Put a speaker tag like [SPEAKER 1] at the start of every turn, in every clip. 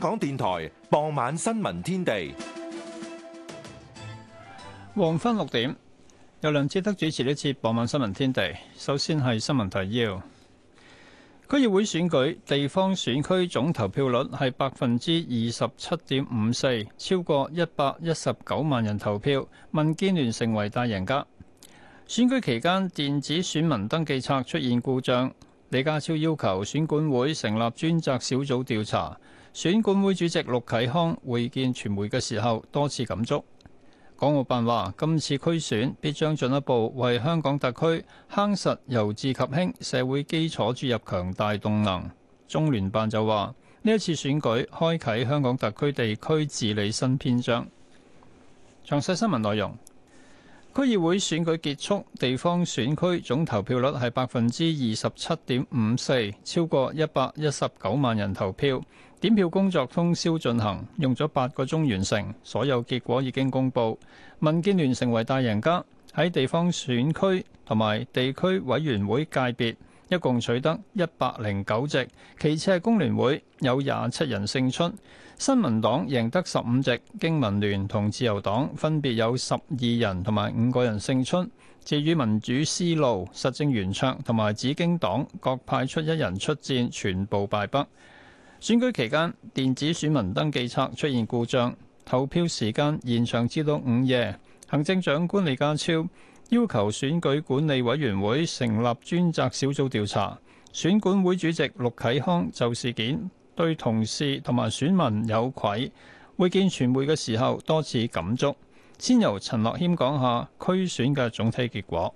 [SPEAKER 1] 香港電台傍晚新聞天地，黃昏六點由梁志德主持。呢次傍晚新聞天地，首先係新聞提要。區議會選舉地方選區總投票率係百分之二十七點五四，超過一百一十九萬人投票。民建聯成為大贏家。選舉期間，電子選民登記冊出現故障，李家超要求選管會成立專責小組調查。選管會主席陸啟康會見傳媒嘅時候多次感觸。港澳辦話，今次區選必將進一步為香港特區夯實由治及興社會基礎，注入強大動能。中聯辦就話，呢一次選舉開啟香港特區地區治理新篇章。詳細新聞內容，區議會選舉結束，地方選區總投票率係百分之二十七點五四，超過一百一十九萬人投票。點票工作通宵進行，用咗八個鐘完成，所有結果已經公佈。民建聯成為大贏家，喺地方選區同埋地區委員會界別，一共取得一百零九席。其次係工聯會，有廿七人勝出。新民黨贏得十五席，經民聯同自由黨分別有十二人同埋五個人勝出。至於民主思路、實政圓桌同埋紫荊黨，各派出一人出戰，全部敗北。選舉期間，電子選民登記冊出現故障，投票時間延長至到午夜。行政長官李家超要求選舉管理委員會成立專責小組調查。選管會主席陸啟康就事件對同事同埋選民有愧，會見傳媒嘅時候多次感觸。先由陳樂謙
[SPEAKER 2] 講下區選嘅總體結果。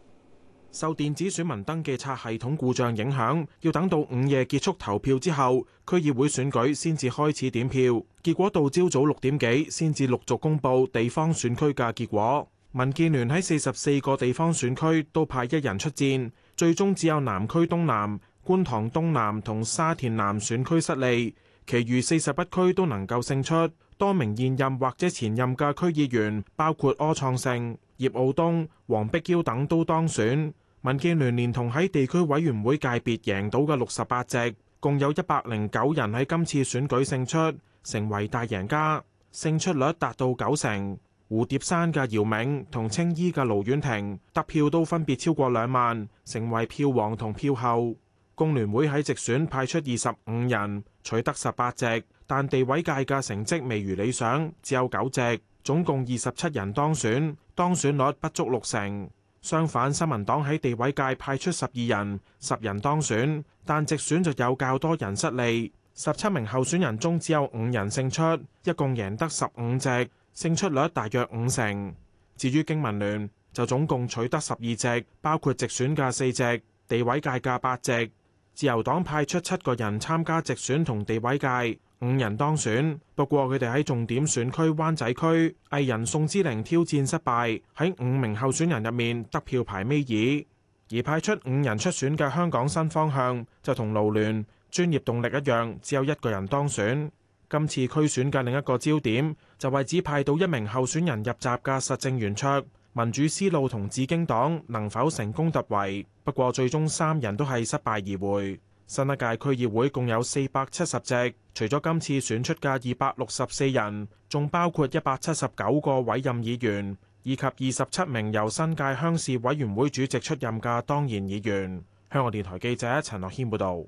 [SPEAKER 2] 受電子選民登記冊系統故障影響，要等到午夜結束投票之後，區議會選舉先至開始點票。結果到朝早六點幾先至陸續公佈地方選區嘅結果。民建聯喺四十四個地方選區都派一人出戰，最終只有南區東南、觀塘東南同沙田南選區失利，其餘四十一區都能夠勝出。多名現任或者前任嘅區議員，包括柯創盛、葉傲東、黃碧嬌等，都當選。民建聯連同喺地區委員會界別贏到嘅六十八席，共有一百零九人喺今次選舉勝出，成為大贏家，勝出率達到九成。蝴蝶山嘅姚銘同青衣嘅盧婉婷得票都分別超過兩萬，成為票王同票后。工聯會喺直選派出二十五人，取得十八席，但地位界嘅成績未如理想，只有九席，總共二十七人當選，當選率不足六成。相反，新民黨喺地委界派出十二人，十人當選，但直選就有較多人失利。十七名候選人中只有五人勝出，一共贏得十五席，勝出率大約五成。至於經民聯，就總共取得十二席，包括直選嘅四席、地委界嘅八席。自由黨派出七個人參加直選同地委界。五人當選，不過佢哋喺重點選區灣仔區，藝人宋之齡挑戰失敗，喺五名候選人入面得票排尾二。而派出五人出選嘅香港新方向就同勞聯專業動力一樣，只有一個人當選。今次區選嘅另一個焦點就為只派到一名候選人入閘嘅實政圓桌、民主思路同紫荊黨能否成功突圍？不過最終三人都係失敗而回。新一屆區議會共有四百七十席，除咗今次選出嘅二百六十四人，仲包括一百七十九個委任議員，以及二十七名由新界鄉事委員會主席出任嘅當然議員。香港電台記者陳樂謙報道。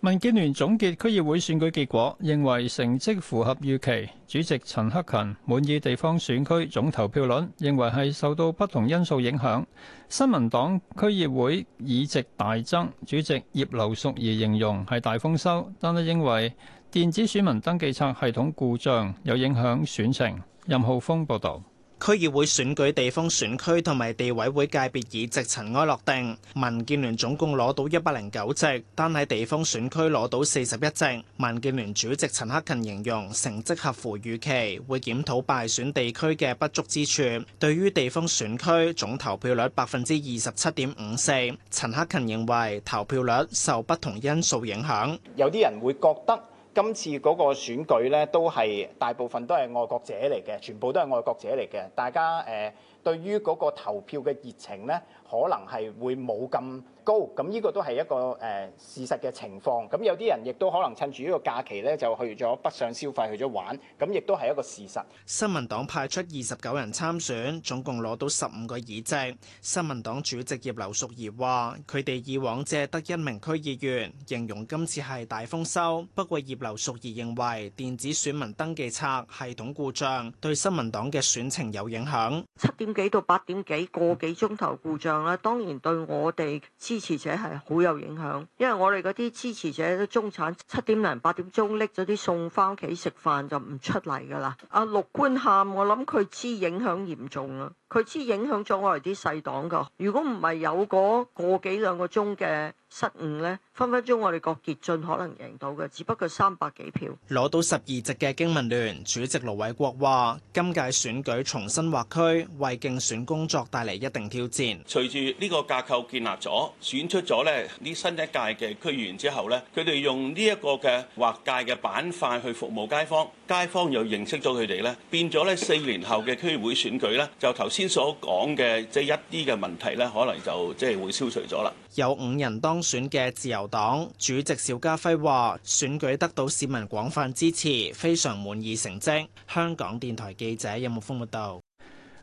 [SPEAKER 2] 民建聯總結區議會選舉結果，認為成
[SPEAKER 1] 績符合預期。主席陳克勤滿意地方選區總投票率，認為係受到不同因素影響。新民黨區議會議席大增，主席葉劉淑儀形容係大豐收，但係認為電子選民登記冊系統故障有影響選情。任浩峰報道。區議會選舉
[SPEAKER 3] 地方選區同埋地委會界別議席塵埃落定，民建聯總共攞到一百零九席，單喺地方選區攞到四十一席。民建聯主席陳克勤形容成績合乎預期，會檢討敗選地區嘅不足之處。對於地方選區總投票率百分之二十七點五四，陳克勤認為投票率受不同因素影響，有啲人會覺得。今次嗰個選舉咧，都係大部分都係愛國者嚟嘅，全部都係愛國者嚟嘅，大家誒，呃對於嗰個投票嘅熱情呢，可能係會冇咁高，咁呢個都係一個誒、呃、事實嘅情況。咁有啲人亦都可能趁住呢個假期呢，就去咗北上消費，去咗玩，咁亦都係一個事實。新民黨派出二十九人參選，總共攞到十五個議席。新民黨主席葉劉淑儀話，佢哋以往只係得一名區議員，形容今次係大豐收。不過，葉劉淑儀認為電子選民登記冊系統故障對新民黨嘅選情有影響。七點
[SPEAKER 4] 幾到八點幾個幾鐘頭故障啦，當然對我哋支持者係好有影響，因為我哋嗰啲支持者都中產，七點零八點鐘拎咗啲餸翻屋企食飯就唔出嚟噶啦。阿陸冠喊，我諗佢知影響嚴重呀，佢知影響咗我哋啲細黨噶。如果唔係有嗰個幾兩個鐘嘅。失誤咧，分分鐘我哋郭傑盡可能贏到嘅，只不過三百幾票。
[SPEAKER 3] 攞到十二席嘅經民聯主席盧偉國話：今屆選舉重新劃區，為競選工作帶嚟一定挑戰。
[SPEAKER 5] 隨住呢個架構建立咗，選出咗咧呢新一屆嘅區議員之後咧，佢哋用呢一個嘅劃界嘅板塊去服務街坊。街坊又認識咗佢哋呢變咗呢四年後嘅區議會選舉呢就頭先所講嘅，即係一啲嘅問題呢可能就即係會消除咗啦。
[SPEAKER 3] 有五人當選嘅自由黨主席邵家輝話：選舉得到市民廣泛支持，
[SPEAKER 1] 非常滿意成績。香港電台記者任木峯報道。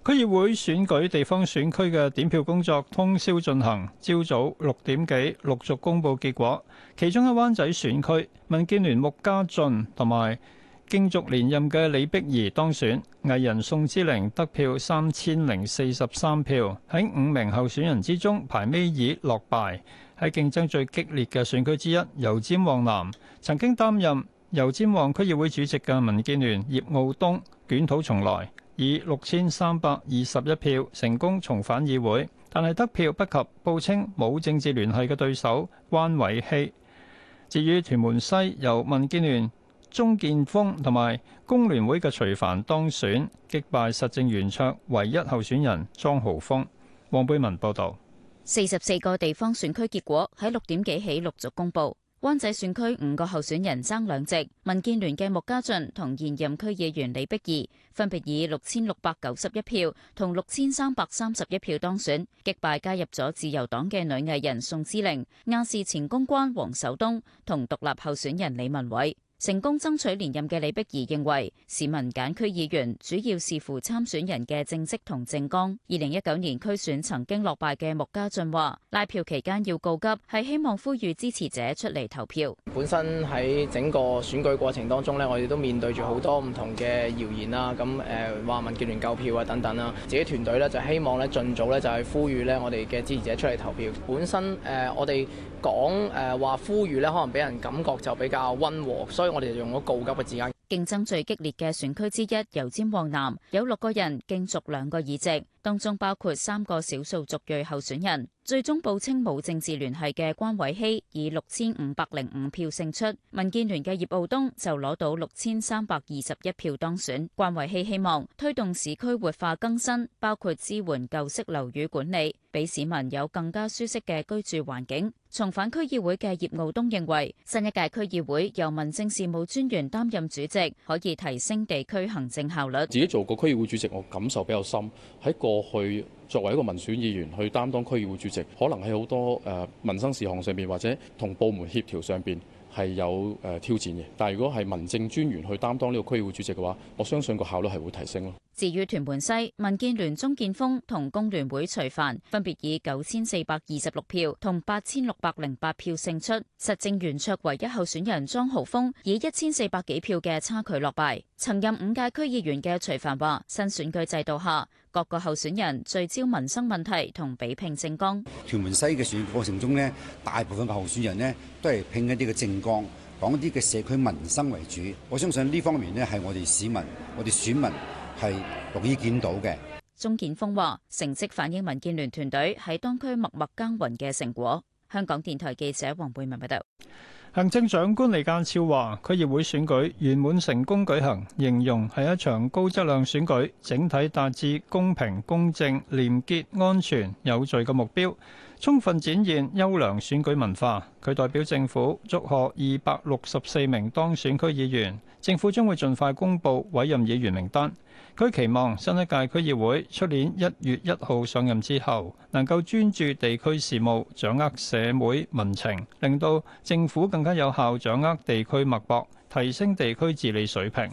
[SPEAKER 1] 區議會選舉地方選區嘅點票工作通宵進行，朝早六點幾陸續公佈結果。其中喺灣仔選區，民建聯穆家駿同埋。競逐連任嘅李碧儀當選，藝人宋之齡得票三千零四十三票，喺五名候選人之中排尾二落敗，喺競爭最激烈嘅選區之一油尖旺南，曾經擔任油尖旺區議會主席嘅民建聯葉傲東捲土重來，以六千三百二十一票成功重返議會，但係得票不及報稱冇政治聯繫嘅對手關偉希。至於屯門西由民建聯。鍾建峰同埋工聯會嘅徐凡當選，擊敗實政圓桌唯一候選人莊豪峰。黃貝文報道，
[SPEAKER 6] 四十四個地方選區結果喺六點幾起陸續公布。灣仔選區五個候選人爭兩席，民建聯嘅穆家俊同現任區議員李碧儀分別以六千六百九十一票同六千三百三十一票當選，擊敗加入咗自由黨嘅女藝人宋之玲、亞視前公關王守東同獨立候選人李文偉。成功爭取連任嘅李碧儀認為，市民揀區議員主要視乎參選人嘅政績同政綱。二零一九年區選曾經落敗嘅穆家俊話，拉票期間要告急，係希望呼籲支持者出嚟投票。
[SPEAKER 3] 本身喺整個選舉過程當中呢，我哋都面對住好多唔同嘅謠言啦。咁誒話民建聯夠票啊等等啦，自己團隊呢，就希望呢盡早呢，就係呼籲呢我哋嘅支持者出嚟投票。本身誒我哋
[SPEAKER 6] 講誒話呼籲呢，可能俾人感覺就比較溫和，所以。我哋就用咗告急嘅字眼。競爭最激烈嘅選區之一，油尖旺南有六個人競逐兩個議席。當中包括三個少數族裔候選人，最
[SPEAKER 7] 終我去作為一個民選議員去擔當區議會主席，可能喺好多誒民生事項上邊或者同部門協調上邊係有誒挑戰嘅。但係如果係民政專員去擔當呢個區議會主席嘅話，我相信個效率係會提升咯。
[SPEAKER 6] 至於屯門西，民建聯鍾建峰同工聯會徐凡分別以九千四百二十六票同八千六百零八票勝出，實政圓桌唯一候選人莊豪峰以一千四百幾票嘅差距落敗，曾任五屆區議員嘅徐凡話新選舉制度下。各個候選人聚焦民生問題同比拼政綱。
[SPEAKER 8] 屯門西嘅選舉過程中呢，大部分嘅候選人呢都係拼一啲嘅政綱，講一啲嘅社區民生為主。我相信呢方面呢係我哋市民、我哋選民係容易見到嘅。
[SPEAKER 6] 鍾建峰話：成績反映民建聯團隊喺當區默默耕耘嘅成果。香港電台記者黃貝文報道。
[SPEAKER 1] 行政長官李家超話：區議會選舉圓滿成功舉行，形容係一場高質量選舉，整體達至公平、公正、廉潔、安全、有序嘅目標，充分展現優良選舉文化。佢代表政府祝賀二百六十四名當選區議員。政府將會盡快公佈委任議員名單。佢期望新一屆區議會出年一月一號上任之後，能夠專注地區事務，掌握社會民情，令到政府更加有效掌握地區脈搏，提升地區治理水平。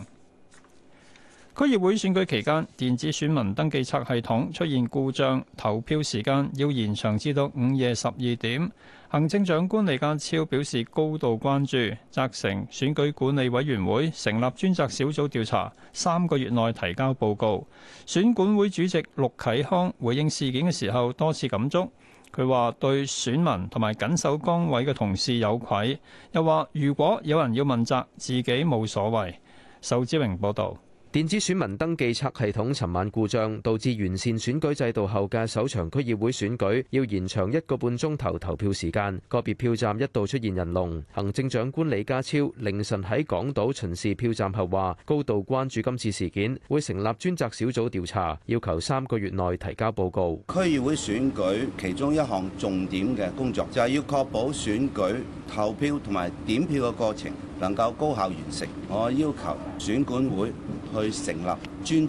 [SPEAKER 1] 區議會選舉期間，電子選民登記冊系統出現故障，投票時間要延長至到午夜十二點。行政長官李家超表示高度關注，責成選舉管理委員會成立專責小組調查，三個月內提交報告。選管會主席陸啟康回應事件嘅時候多次感觸，佢話對選民同埋緊守崗位嘅同事有愧，又話如果有人要問責，自己冇所謂。仇志榮報道。電子選民登記冊系統尋晚故障，導致完善選舉
[SPEAKER 9] 制度後嘅首場區議會選舉要延長一個半鐘頭投票時間。個別票站一度出現人龍。行政長官李家超凌晨喺港島巡視票站後話：高度關注今次事件，會成立專責小組調查，要求三個月內提
[SPEAKER 8] 交報告。區議會選舉其中一項重點嘅工作就係、是、要確保選舉投票同埋點票嘅過程能夠高效完成。我要求選管會去成立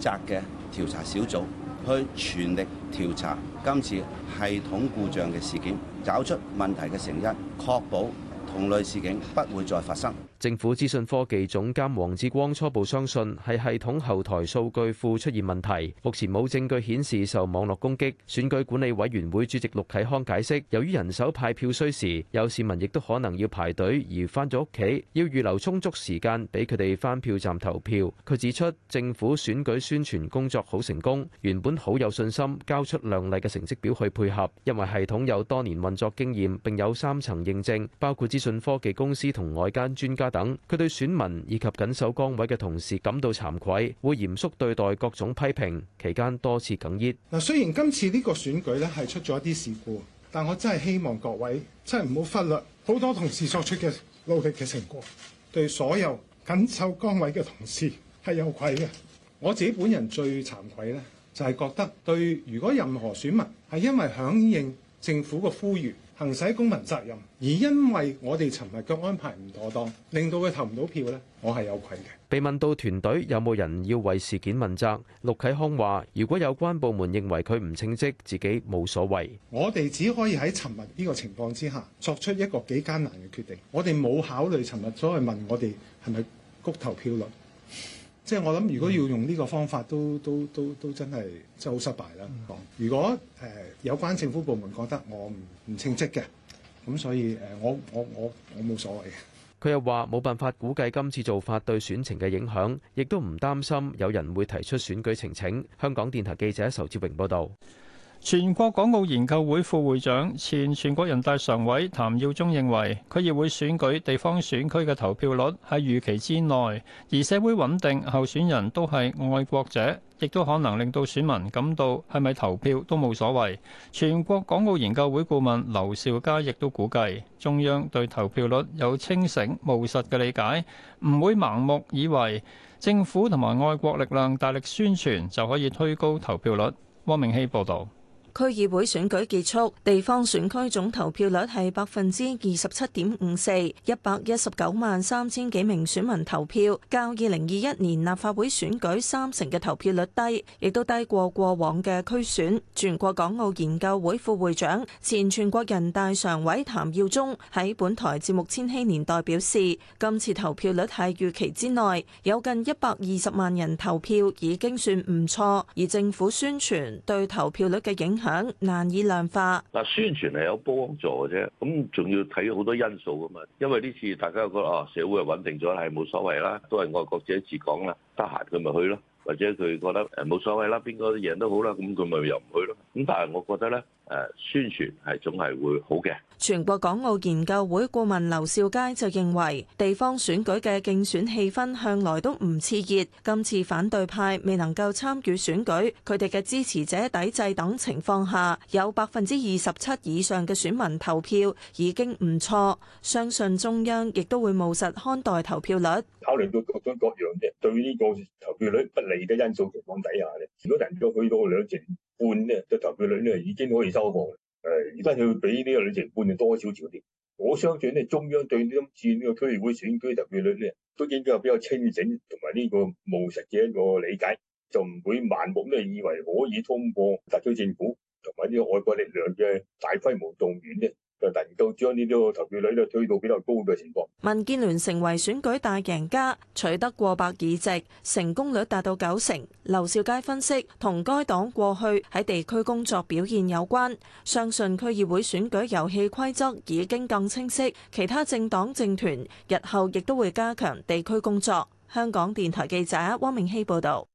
[SPEAKER 8] 專責嘅調查小組，去全力調查今次系統故障嘅事件，找出問題嘅成因，確保同類事件不會再發生。
[SPEAKER 9] 政府資訊科技總監黃志光初步相信係系統後台數據庫出現問題，目前冇證據顯示受網絡攻擊。選舉管理委員會主席陸啟康解釋，由於人手派票需時，有市民亦都可能要排隊而返咗屋企，要預留充足時間俾佢哋返票站投票。佢指出，政府選舉宣傳工作好成功，原本好有信心交出亮麗嘅成績表去配合，因為系統有多年運作經驗，並有三層認證，包括資訊科技公司同外間專家。等佢對選民以及緊守崗位嘅同事感到慚愧，會嚴肅對待各種批評。期間多次哽咽。
[SPEAKER 5] 嗱，雖然今次呢個選舉呢係出咗一啲事故，但我真係希望各位真係唔好忽略好多同事作出嘅努力嘅成果，對所有緊守崗位嘅同事係有愧嘅。我自己本人最慚愧呢，就係覺得對如果任何選民係因為響應政府嘅呼籲。行使公民責任，而因為我哋尋日嘅安排唔妥當，令到佢投唔到票咧，我係有愧嘅。
[SPEAKER 9] 被問到團隊有冇人要為事件問責，陸啟康話，如果有關部門認為佢唔稱職，自己冇所謂，
[SPEAKER 5] 我哋只可以喺尋日呢個情況之下作出一個幾艱難嘅決定。我哋冇考慮尋日所謂問我哋係咪谷投票率。即係我諗，如果要用呢個方法都，都都都都真係真係好失敗啦。如果誒、呃、有關政府部門覺得我唔唔稱職嘅，咁所以誒、呃、我
[SPEAKER 10] 我我我冇所謂。
[SPEAKER 9] 佢又話冇辦法估計今次做法對選情嘅影響，
[SPEAKER 1] 亦都唔擔心有人會提出選舉呈請。香港電台記者仇志榮報導。全國港澳研究會副會長、前全國人大常委譚耀宗認為，區議會選舉地方選區嘅投票率喺預期之內，而社會穩定、候選人都係愛國者，亦都可能令到選民感到係咪投票都冇所謂。全國港澳研究會顧問劉兆佳亦都估計，中央對投票率有清醒務實嘅理解，唔會盲目以為政府同埋愛國力量大力宣傳就可以推高投票率。汪明希報導。
[SPEAKER 4] 區議會選舉結束，地方選區總投票率係百分之二十七點五四，一百一十九萬三千幾名選民投票，較二零二一年立法會選舉三成嘅投票率低，亦都低過過往嘅區選。全國港澳研究會副會長、前全國人大常委譚耀宗喺本台節目《千禧年代》表示，今次投票率喺預期之內，有近一百二十萬人投票已經算唔錯，而政府宣傳對投票率嘅影響。響難以量化
[SPEAKER 8] 嗱，宣傳係有幫助嘅啫，咁仲要睇好多因素噶嘛。因為呢次大家覺得啊，社會係穩定咗，係冇所謂啦，都係愛國者治港啦，得閒佢咪去咯，或者佢覺得誒、冇、啊、所謂啦，邊個贏都好啦，咁佢咪又唔去咯。咁但係我覺得咧。誒宣傳係總係會好嘅。
[SPEAKER 4] 全國港澳研究會顧問劉少佳就認為，地方選舉嘅競選氣氛向來都唔熾熱，今次反對派未能夠參與選舉，佢哋嘅支持者抵制等情況下，有百分之二十七以上嘅選民投票已經唔錯，相信中央亦都會務實看待投票率。
[SPEAKER 5] 考慮到各種各樣嘅對於呢個投票率不利嘅因素情況底下咧，如果人數去到兩成半咧，嘅投票率咧已經可以收貨，誒，而家佢比呢個旅程半係多少少啲，我相信咧中央對呢次呢個區議會選舉投票率咧，都應該係比較清醒同埋呢個務實嘅一個理解，就唔會盲目咧以為可以通過特區政府同埋呢個外國力量嘅大規模動員咧，就能夠將呢啲個投票率都推到比較高嘅情況。
[SPEAKER 4] 民建聯成為選舉大贏家，取得過百議席，成功率達到九成。劉兆佳分析，同該黨過去喺地區工作表現有關。相信區議會選舉遊戲規則已經更清晰，其他政黨政團日後亦都會加強地區工作。香港電台記者汪明熙報導。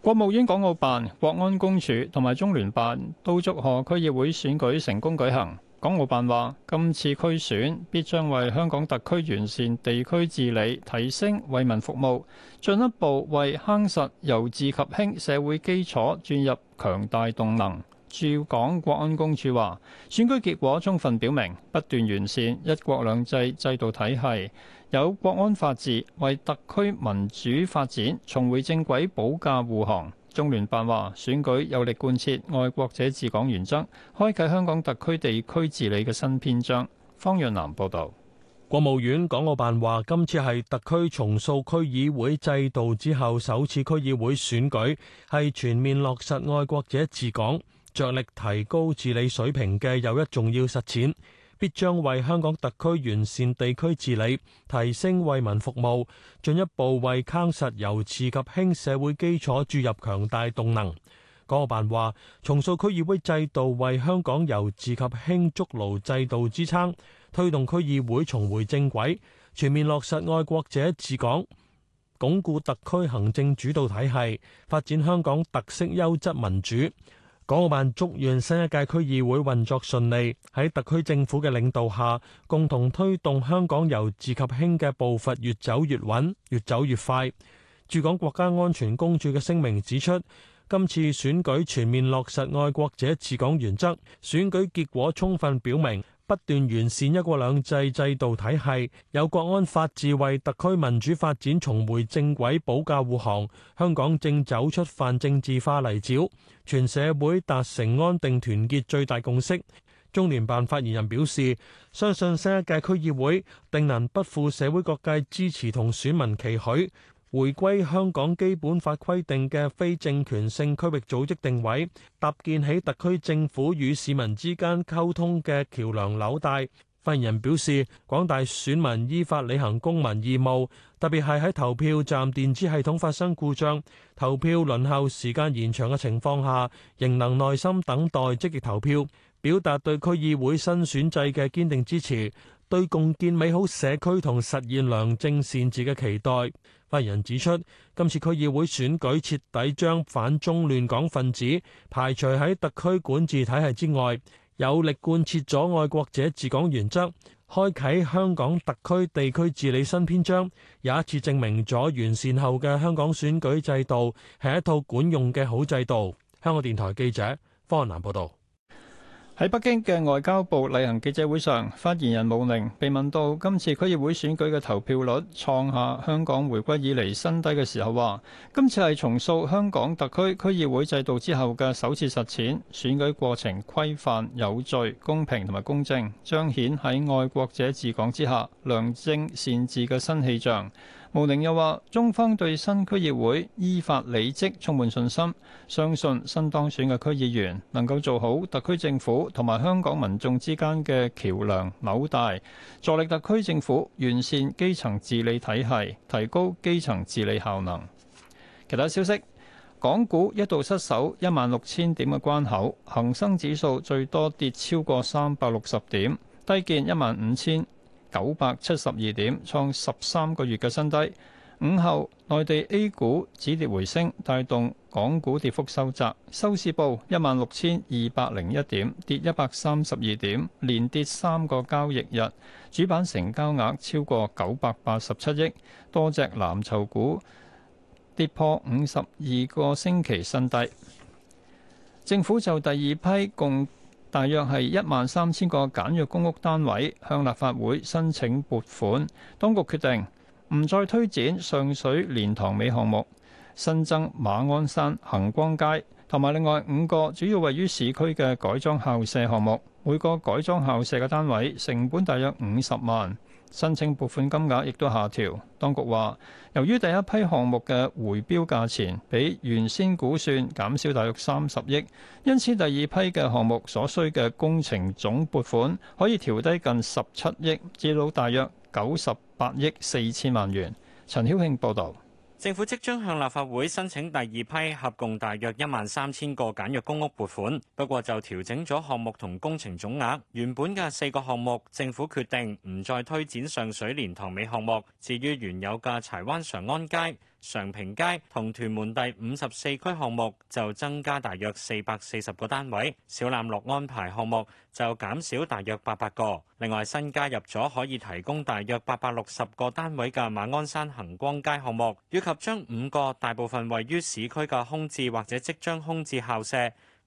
[SPEAKER 1] 國務院港澳辦、國安公署同埋中聯辦都祝賀區議會選舉成功舉行。港澳辦話，今次區選必將為香港特區完善地區治理、提升為民服務，進一步為夯實由治及興社會基礎注入強大動能。駐港國安公署話，選舉結果充分表明不斷完善一國兩制制度體系，有國安法治為特區民主發展重回正軌保駕護航。中聯辦話：選舉有力貫徹愛國者治港原則，開啟香港特區地區治理嘅新篇章。方潤南報導。國務院港澳辦話：今次係特區重塑區議會制度
[SPEAKER 7] 之後首次區議會選舉，係全面落實愛國者治港，着力提高治理水平嘅又一重要實踐。必將為香港特區完善地區治理、提升為民服務、進一步為夯實由治及興社會基礎注入強大動能。港澳辦話，重塑區議會制度為香港由治及興築牢制度支撐，推動區議會重回正軌，全面落實愛國者治港，鞏固特區行政主導體系，發展香港特色優質民主。港澳辦祝願新一屆區議會運作順利，喺特區政府嘅領導下，共同推動香港由治及興嘅步伐越走越穩、越走越快。駐港國家安全公署嘅聲明指出，今次選舉全面落實愛國者治港原則，選舉結果充分表明。不斷完善一國兩制制度體系，有國安法治為特區民主發展重回正軌保駕護航，香港正走出泛政治化泥沼，全社會達成安定團結最大共識。中聯辦發言人表示，相信新一屆區議會定能不負社會各界支持同選民期許。回歸香港基本法規定嘅非政權性區域組織定位，搭建起特區政府與市民之間溝通嘅橋梁紐帶。發言人表示，廣大選民依法履行公民義務，特別係喺投票站電子系統發生故障、投票輪候時間延長嘅情況下，仍能耐心等待積極投票，表達對區議會新選制嘅堅定支持。對共建美好社區同實現良政善治嘅期待。發言人指出，今次區議會選舉徹底將反中亂港分子排除喺特區管治體系之外，有力貫徹咗愛國者治港原則，開啓香港特區地區治理新篇章。又一次證明咗完善後嘅香港選舉制度係一套管用嘅好制度。香港電台記者方
[SPEAKER 1] 南報道。喺北京嘅外交部例行記者會上，發言人毛寧被問到今次區議會選舉嘅投票率創下香港回歸以嚟新低嘅時候，話，今次係重塑香港特區區議會制度之後嘅首次實踐，選舉過程規範有序、公平同埋公正，彰顯喺愛國者治港之下良政善治嘅新氣象。毛寧又話：中方對新區議會依法履職充滿信心，相信新當選嘅區議員能夠做好特區政府同埋香港民眾之間嘅橋梁紐帶，助力特區政府完善基層治理體系，提高基層治理效能。其他消息，港股一度失守一萬六千點嘅關口，恒生指數最多跌超過三百六十點，低見一萬五千。九百七十二點，創十三個月嘅新低。午後，內地 A 股止跌回升，帶動港股跌幅收窄。收市報一萬六千二百零一點，跌一百三十二點，連跌三個交易日。主板成交額超過九百八十七億，多隻藍籌股跌破五十二個星期新低。政府就第二批共大約係一萬三千個簡約公屋單位向立法會申請撥款，當局決定唔再推展上水蓮塘尾項目，新增馬鞍山恒光街同埋另外五個主要位於市區嘅改裝校舍項目，每個改裝校舍嘅單位成本大約五十萬。申請撥款金額亦都下調，當局話由於第一批項目嘅回標價錢比原先估算減少大約三十億，因此第二批嘅項目所需嘅工程總撥款可以調低近十七億，至到大約九十八億四千萬元。陳曉慶報導。
[SPEAKER 11] 政府即將向立法會申請第二批合共大約一萬三千個簡約公屋撥款，不過就調整咗項目同工程總額。原本嘅四個項目，政府決定唔再推展上水蓮塘尾項目。至於原有嘅柴灣常安街，常平街同屯門第五十四區項目就增加大約四百四十個單位，小欖樂安排項目就減少大約八百個。另外，新加入咗可以提供大約八百六十個單位嘅馬鞍山恆光街項目，以及將五個大部分位於市區嘅空置或者即將空置校舍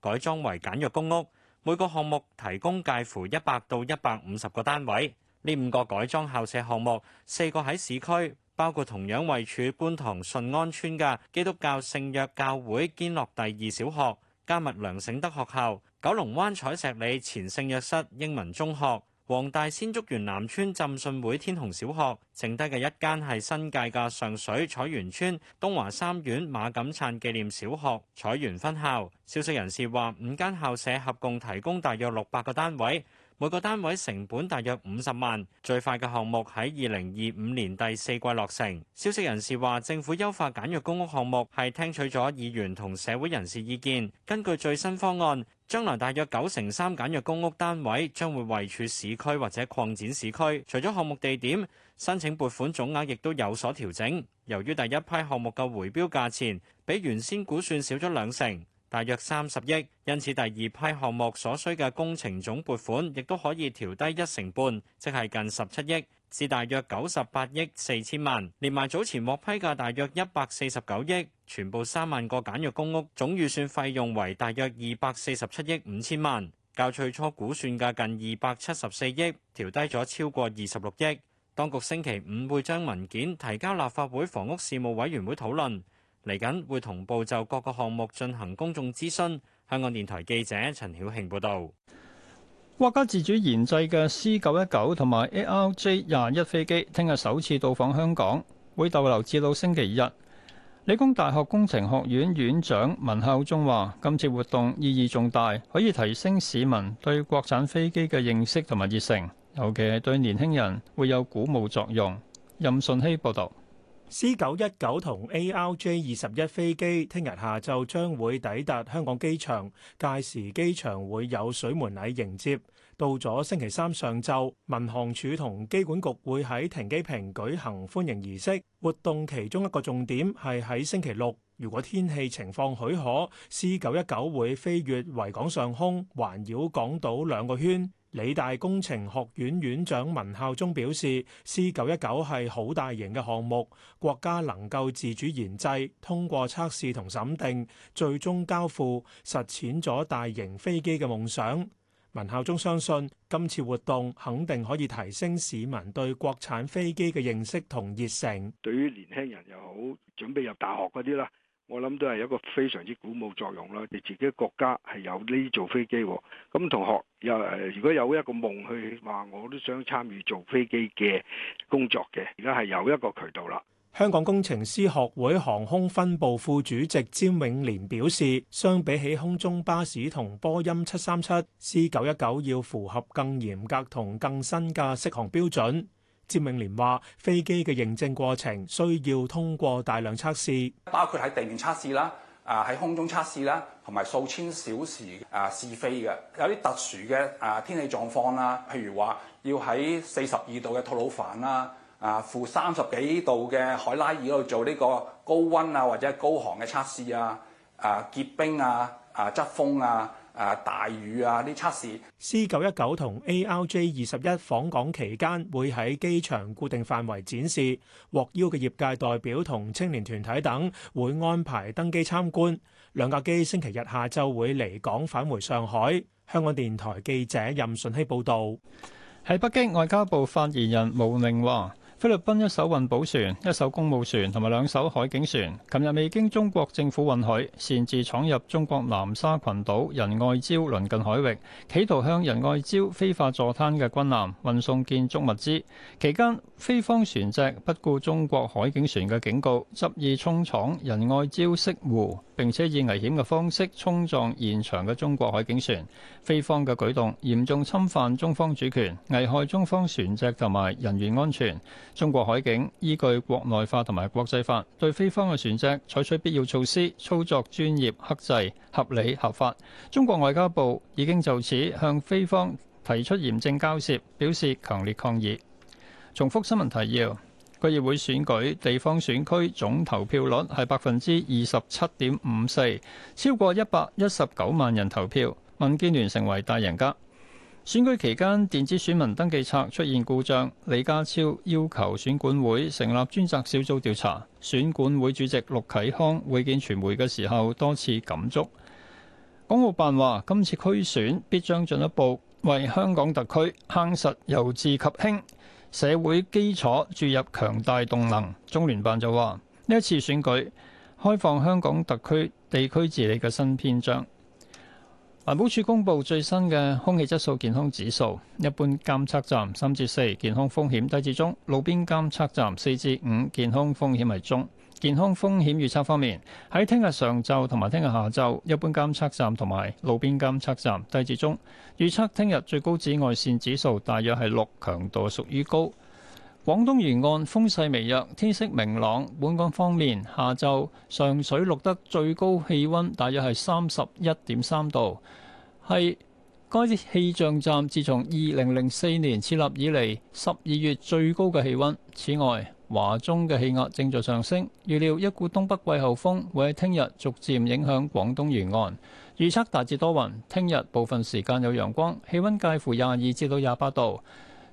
[SPEAKER 11] 改裝為簡約公屋，每個項目提供介乎一百到一百五十個單位。呢五個改裝校舍項目，四個喺市區。包括同樣位處觀塘順安村嘅基督教聖約教會堅樂第二小學、迦密梁省德學校、九龍灣彩石里前聖約室英文中學、黃大仙竹園南村浸信會天虹小學，剩低嘅一間係新界嘅上水彩園村東華三院馬錦燦紀念小學彩園分校。消息人士話，五間校舍合共提供大約六百個單位。每個單位成本大約五十萬，最快嘅項目喺二零二五年第四季落成。消息人士話，政府優化簡約公屋項目係聽取咗議員同社會人士意見。根據最新方案，將來大約九成三簡約公屋單位將會位處市區或者擴展市區。除咗項目地點，申請撥款總額亦都有所調整。由於第一批項目嘅回標價錢比原先估算少咗兩成。大約三十億，因此第二批項目所需嘅工程總撥款亦都可以調低一成半，即係近十七億，至大約九十八億四千萬。連埋早前獲批嘅大約一百四十九億，全部三萬個簡約公屋，總預算費用為大約二百四十七億五千萬，較最初估算嘅近二百七十四億，調低咗超過二十六億。當局星期五會將文件提交立法會房屋事務委員會討論。嚟緊會同步就各個項目進行公眾諮詢。香港電台記者陳
[SPEAKER 1] 曉慶報道：「國家自主研製嘅 C 九一九同埋 ARJ 廿一飛機，聽日首次到訪香港，會逗留至到星期一。理工大學工程學院院長文孝忠話：今次活動意義重大，可以提升市民對國產飛機嘅認識同埋熱誠，尤其係對年輕人會有鼓舞作用。任順希報導。
[SPEAKER 5] C 九一九同 ARJ 二十一飛機聽日下晝將會抵達香港機場，屆時機場會有水門禮迎接。到咗星期三上晝，民航處同機管局會喺停機坪舉行歡迎儀式。活動其中一個重點係喺星期六，如果天氣情況許可，C 九一九會飛越維港上空，環繞港島兩個圈。理大工程學院院長文孝忠表示：C 九一九係好大型嘅項目，國家能夠自主研製，通過測試同審定，最終交付，實踐咗大型飛機嘅夢想。文孝忠相信今次活動肯定可以提升市民對國產飛機嘅認識同熱誠，
[SPEAKER 11] 對於年輕人又好，準備入大學
[SPEAKER 12] 嗰啲啦。我諗都係一個非常之鼓舞作用啦！你自己國家係有呢組飛機，咁同學有誒，如果有一個夢去話，我都想參與做飛機嘅工作嘅。而家係有一個渠道啦。
[SPEAKER 5] 香港工程師學會航空分部副主席詹永連表示，相比起空中巴士同波音七三七、C 九一九，要符合更嚴格同更新嘅適航標準。詹永連話：飛機嘅認證過程需要通過大量測試，
[SPEAKER 8] 包括喺地面測試啦，啊喺空中測試啦，同埋數千小時啊試飛嘅。有啲特殊嘅啊天氣狀況啦，譬如話要喺四十二度嘅吐魯番啦，啊負三十幾度嘅海拉爾度做呢個高溫啊或者高寒嘅測試啊，啊結冰啊，啊側風啊。誒大雨啊！啲測試。
[SPEAKER 5] C 九一九同 ARJ 二十一訪港期間會喺機場固定範圍展示，獲邀嘅業界代表同青年團體等會安排登機參觀。兩架機星期日下晝會離港返回上海。
[SPEAKER 1] 香港電台記者任順希報導。喺北京外交部發言人毛寧話。菲律賓一艘運補船、一艘公務船同埋兩艘海警船，琴日未經中國政府允許，擅自闖入中國南沙群島仁愛礁鄰近海域，企圖向仁愛礁非法坐灘嘅軍艦運送建築物資。期間，菲方船隻不顧中國海警船嘅警告，執意衝闖仁愛礁潟湖，並且以危險嘅方式衝撞現場嘅中國海警船。菲方嘅舉動嚴重侵犯中方主權，危害中方船隻同埋人員安全。中國海警依據國內法同埋國際法對菲方嘅船隻採取必要措施，操作專業、克制、合理、合法。中國外交部已經就此向菲方提出嚴正交涉，表示強烈抗議。重複新聞提要：區議會選舉地方選區總投票率係百分之二十七點五四，超過一百一十九萬人投票，民建聯成為大贏家。選舉期間，電子選民登記冊出現故障，李家超要求選管會成立專責小組調查。選管會主席陸啟康會見傳媒嘅時候多次感觸。港澳辦話今次區選必將進一步為香港特區夯實由治及興社會基礎，注入強大動能。中聯辦就話呢一次選舉開放香港特區地區治理嘅新篇章。環保署公布最新嘅空氣質素健康指數，一般監測站三至四，健康風險低至中；路邊監測站四至五，健康風險係中。健康風險預測方面，喺聽日上晝同埋聽日下晝，一般監測站同埋路邊監測站低至中。預測聽日最高紫外線指數大約係六，強度屬於高。廣東沿岸風勢微弱，天色明朗。本港方面，下晝上水錄得最高氣温，大約係三十一點三度，係該氣象站自從二零零四年設立以嚟十二月最高嘅氣温。此外，華中嘅氣壓正在上升，預料一股東北季候風會喺聽日逐漸影響廣東沿岸。預測大致多雲，聽日部分時間有陽光，氣温介乎廿二至到廿八度。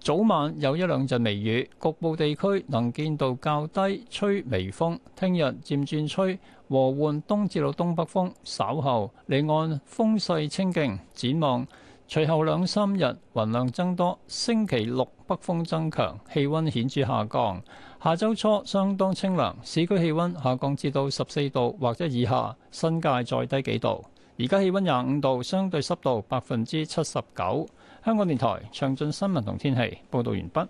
[SPEAKER 1] 早晚有一兩陣微雨，局部地區能見度較低，吹微風。聽日漸轉吹和緩東至到東北風，稍後離岸風勢清勁。展望隨後兩三日雲量增多，星期六北風增強，氣温顯著下降。下周初相當清涼，市區氣温下降至到十四度或者以下，新界再低幾度。而家氣温廿五度，相對濕度百分之七十九。香港電台詳盡新聞同天氣報道完畢。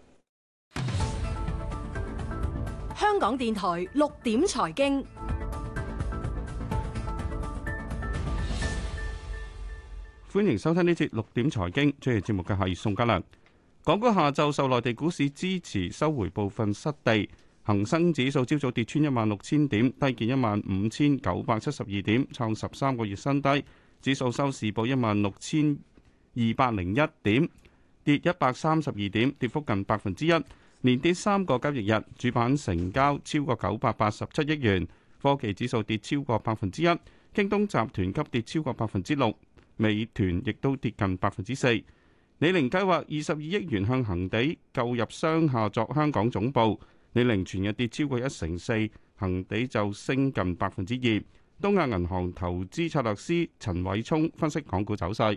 [SPEAKER 10] 香港電台六點財經，
[SPEAKER 8] 歡迎收聽呢節六點財經。主持節目嘅係宋嘉良。港股下晝受內地股市支持，收回部分失地。恒生指數朝早跌穿一萬六千點，低見一萬五千九百七十二點，創十三個月新低。指數收市報一萬六千。二百零一點，跌一百三十二點，跌幅近百分之一，連跌三個交易日。主板成交超過九百八十七億元，科技指數跌超過百分之一，京東集團急跌超過百分之六，美團亦都跌近百分之四。李寧計劃二十二億元向恒地購入商廈作香港總部，李寧全日跌超過一成四，恒地就升近百分之二。東亞銀行投資策略師陳偉聰分析港股走勢。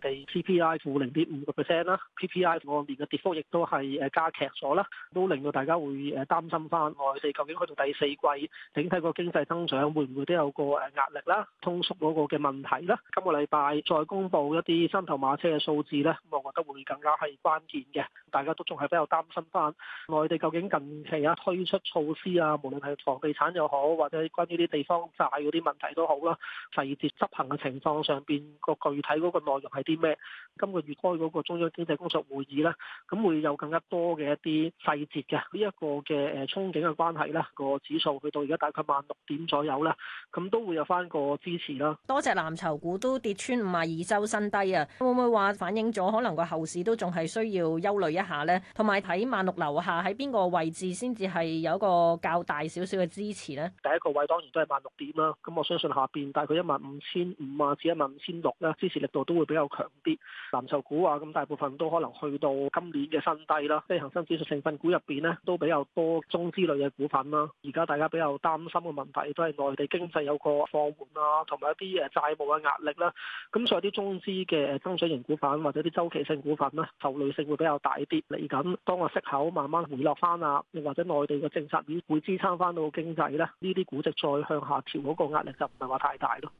[SPEAKER 12] 地 CPI 負零點五個 percent 啦，PPI 個面嘅跌幅亦都係誒加劇咗啦，都令到大家會誒擔心翻內地究竟去到第四季整體個經濟增長會唔會都有個誒壓力啦，通縮嗰個嘅問題啦。今個禮拜再公布一啲三頭馬車嘅數字咧，我覺得會更加係關鍵嘅，大家都仲係比較擔心翻內地究竟近期啊推出措施啊，無論係房地產又好，或者關於啲地方債嗰啲問題都好啦，細節執行嘅情況上邊個具體嗰個內容係啲咩？今個月開嗰個中央經濟工作會議啦，咁會有更加多嘅一啲細節嘅。呢、這、一個嘅誒憧憬嘅關係啦，個指數去到而家大概萬六點左右啦，咁都會有返個支持啦。
[SPEAKER 10] 多隻藍籌股都跌穿五十二周新低啊！會唔會話反映咗可能個後市都仲係需要憂慮一下咧？同埋睇萬六樓下喺邊個位置先至係有一個較大少少嘅支持咧？
[SPEAKER 12] 第一個位當然都係萬六點啦。咁我相信下邊大概一萬五千五啊至一萬五千六啦，支持力度都會比較。強啲，藍籌股啊，咁大部分都可能去到今年嘅新低啦。即係恆生指數成分股入邊咧，都比較多中資類嘅股份啦。而家大家比較擔心嘅問題都係內地經濟有個放緩啊，同埋一啲誒債務嘅壓力啦。咁所以啲中資嘅增長型股份或者啲周期性股份呢，受累性會比較大啲。嚟緊當個息口慢慢回落翻啊，又或者內地嘅政策會支撐翻到經濟咧，呢啲估值再向下調嗰個壓力就唔係話太大咯。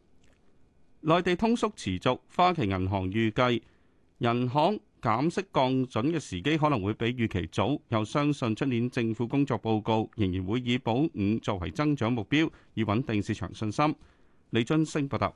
[SPEAKER 8] 內地通縮持續，花旗銀行預計人行減息降準嘅時機可能會比預期早，又相信出年政府工作報告仍然會以保五作為增長目標，以穩定市場信心。李津升報道。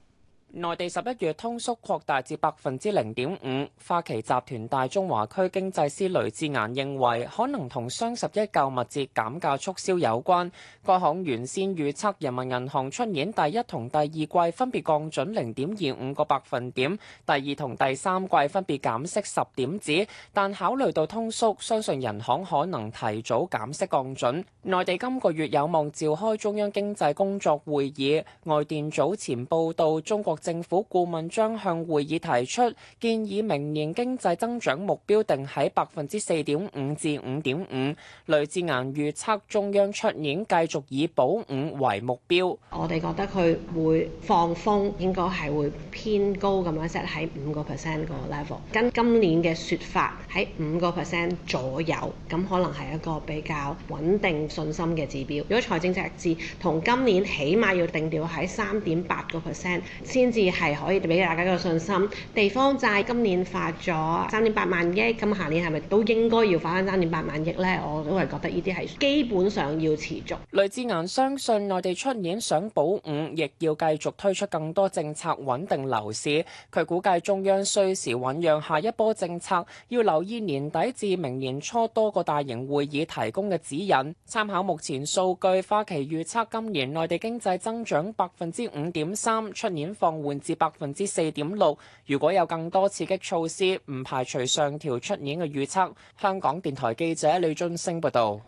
[SPEAKER 13] 內地十一月通縮擴大至百分之零點五，花旗集團大中華區經濟師雷志顏認為可能同雙十一購物節減價促銷有關。各行原先預測人民銀行出年第一同第二季分別降準零點二五個百分點，第二同第三季分別減息十點子，但考慮到通縮，相信人行可能提早減息降準。內地今個月有望召開中央經濟工作會議，外電早前報道中國政府顧問將向會議提出建議，明年經濟增長目標定喺百分之四點五至五點五。雷志顏預測中央出年繼續以保五為目標。
[SPEAKER 10] 我哋覺得佢會放風，應該係會偏高咁樣 set 喺五個 percent 個 level，跟今年嘅説法喺五個 percent 左右，咁可能係一個比較穩定信心嘅指標。如果財政赤字同今年起碼要定調喺三點八個 percent 先。至係可以俾大家一個信心，地方債今年發咗三點八萬億，咁下年係咪都應該要發翻三點八萬億咧？我都係覺得呢啲係基本上要持續。雷智岩相信內地出年
[SPEAKER 13] 想保五，亦要繼續推出更多政策穩定樓市。佢估計中央需時醞釀下一波政策，要留意年底至明年初多個大型會議提供嘅指引，參考目前數據，花旗預測今年內地經濟增長百分之五點三，出年放。換至百分之四點六。如果有更多刺激措施，唔排除上調出年嘅預測。香港電台記者李津升報導。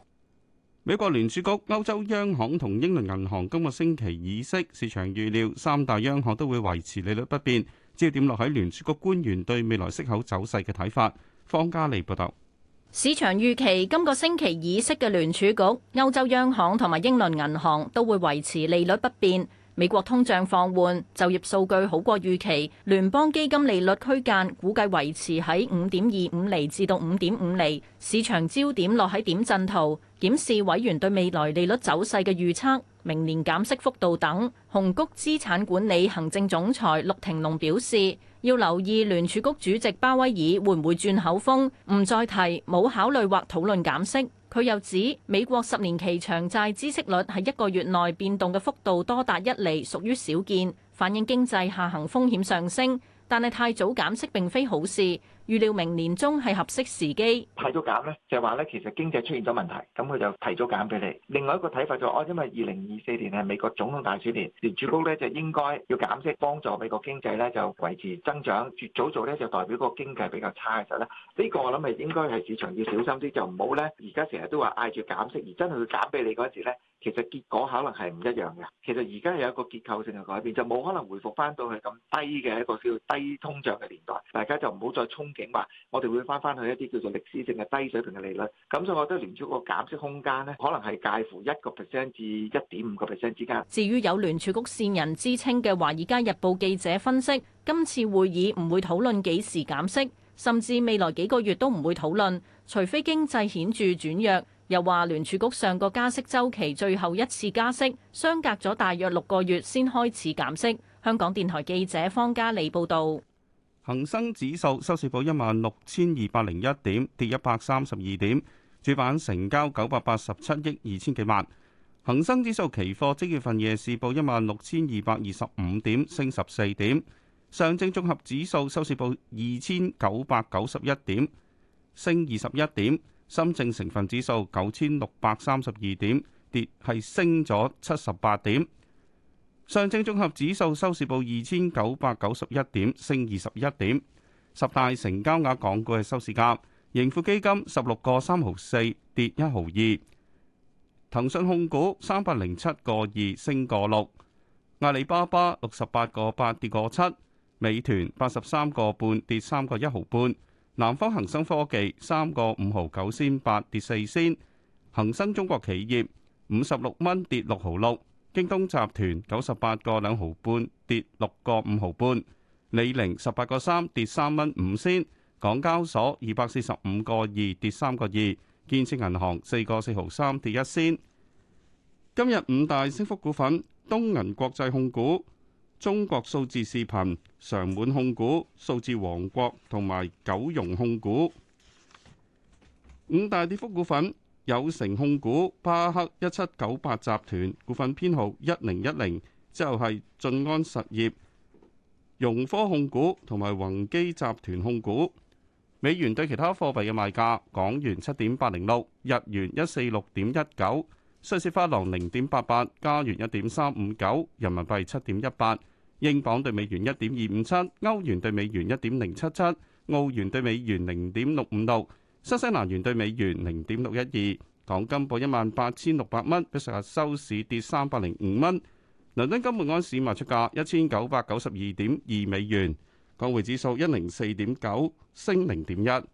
[SPEAKER 8] 美國聯儲局、歐洲央行同英倫銀行今個星期議息，市場預料三大央行都會維持利率不變。焦點落喺聯儲局官員對未來息口走勢嘅睇法。方嘉莉報導。
[SPEAKER 10] 市場預期今個星期議息嘅聯儲局、歐洲央行同埋英倫銀行都會維持利率不變。美國通脹放緩，就業數據好過預期，聯邦基金利率區間估計維持喺五點二五厘至到五點五厘，市場焦點落喺點陣圖，檢視委員對未來利率走勢嘅預測，明年減息幅度等。紅谷資產管理行政總裁陸廷龍表示，要留意聯儲局主席鮑威爾會唔會轉口風，唔再提冇考慮或討論減息。佢又指，美國十年期長債孳息率喺一個月內變動嘅幅度多達一厘，屬於少見，反映經濟下行風險上升，但係太早減息並非好事。預料明年中係合適時機
[SPEAKER 12] 提早減咧，就話、係、咧其實經濟出現咗問題，咁佢就提早減俾你。另外一個睇法就哦、係，因為二零二四年係美國總統大選年，聯儲局咧就應該要減息，幫助美國經濟咧就維持增長。越早做咧，就代表個經濟比較差嘅時候咧，呢、呢個我諗係應該係市場要小心啲，就唔好咧而家，成日都話嗌住減息，而真係要減俾你嗰時咧，其實結果可能係唔一樣嘅。其實而家有一個結構性嘅改變，就冇可能回復翻到去咁低嘅一個叫低通脹嘅年代，大家就唔好再衝。警話，我哋會返返去一啲叫做歷史性嘅低水平嘅利率，咁所以我覺得聯儲局減息空間呢，可能係介乎一個 percent 至一點五個 percent 之間。
[SPEAKER 10] 至於有聯儲局線人之稱嘅《華爾街日報》記者分析，今次會議唔會討論幾時減息，甚至未來幾個月都唔會討論，除非經濟顯著轉弱。又話聯儲局上個加息週期最後一次加息，相隔咗大約六個月先開始減息。香港電台記者方嘉利報導。
[SPEAKER 8] 恒生指數收市報一萬六千二百零一點，跌一百三十二點。主板成交九百八十七億二千幾萬。恒生指數期貨即月份夜市報一萬六千二百二十五點，升十四點。上證綜合指數收市報二千九百九十一點，升二十一點。深證成分指數九千六百三十二點，跌係升咗七十八點。上證綜合指數收市報二千九百九十一點，升二十一點。十大成交額港股嘅收市價，盈富基金十六個三毫四，跌一毫二。騰訊控股三百零七個二，升個六。阿里巴巴六十八個八，跌個七。美團八十三個半，跌三個一毫半。南方恒生科技三個五毫九仙八，跌四仙；恒生中國企業五十六蚊，跌六毫六。京東集團九十八個兩毫半，跌六個五毫半，李寧十八個三，跌三蚊五仙，港交所二百四十五個二，跌三個二，建設銀行四個四毫三，跌一仙。今日五大升幅股份：東銀國際控股、中國數字視頻、常滿控股、數字王國同埋九融控股。五大跌幅股份。友成控股、巴克一七九八集團股份編號一零一零，之後係晉安實業、融科控股同埋宏基集團控股。美元對其他貨幣嘅賣價：港元七點八零六，日元一四六點一九，瑞士法郎零點八八，加元一點三五九，人民幣七點一八，英鎊對美元一點二五七，歐元對美元一點零七七，澳元對美元零點六五六。新西蘭元對美元零點六一二，港金報一萬八千六百蚊，比上日收市跌三百零五蚊。倫敦金每盎司賣出價一千九百九十二點二美元，港匯指數一零四點九升零點一。